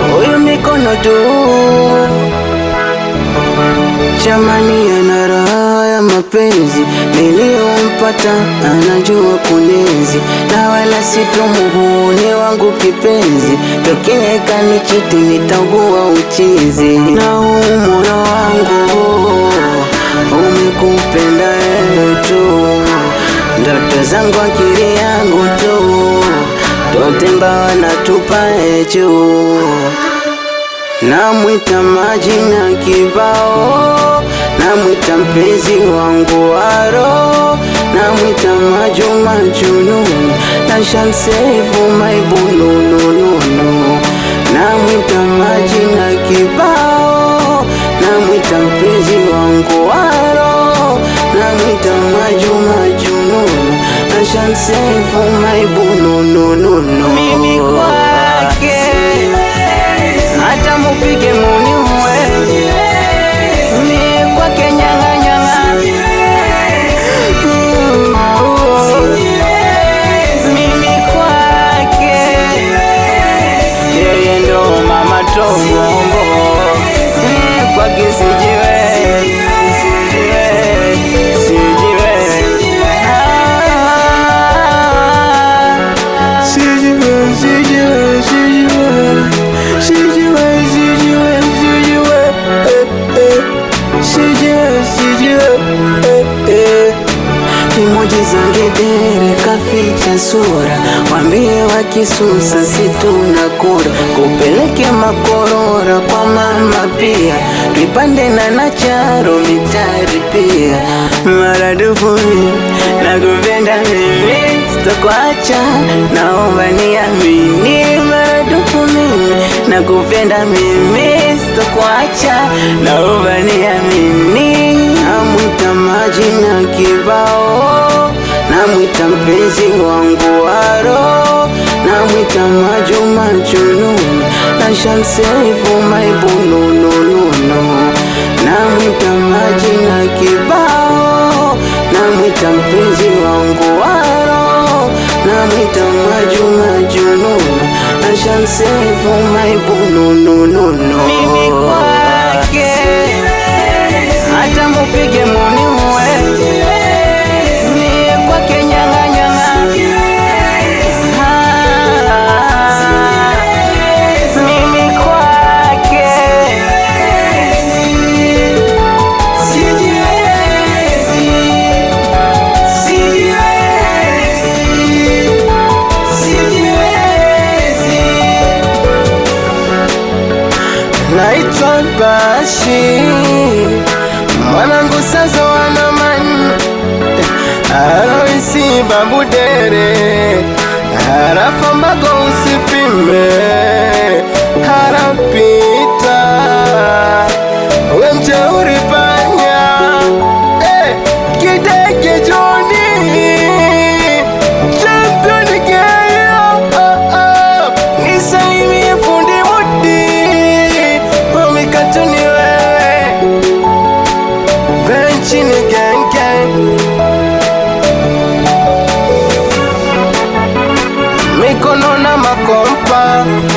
Huyu mikono tu jamani, ana raha ya mapenzi niliyompata, anajua kunenzi na wala situmhuni wangu kipenzi, tokieka ni kitu nitaugua uchizi na huu moyo wangu nikupenda wewe tu, ndoto zangu akili yangu tu, tote mbawa natupa juu, namwita na kibao, namwita mpenzi wangu waro, namwita majuma junu na shamsevu maibununununu, namwita majina kibao I'm saying for my boo, no, no, no, no. Mimi kwa ficha sura, wambie wakisusa, si tuna kura, kupeleke makorora kwa mama pia, tuipande na nacharo mitari pia, maradufu na kupenda mimi, sitakuacha, naomba niamini, maradufu mimi nakupenda mimi, sitakuacha, naomba niamini, amwita maji na kiba mpenzi wangu wa roho, namwita Majuma Jununu na Shamsi Maibu nunununu, namwita majina kibao, namwita mpenzi wangu wa roho, namwita Majuma Jununu na Shamsi Maibu nunununu naitwa bashi mwanangu sasa wanaman aloisi babudere harafambago usipime mikono na makompa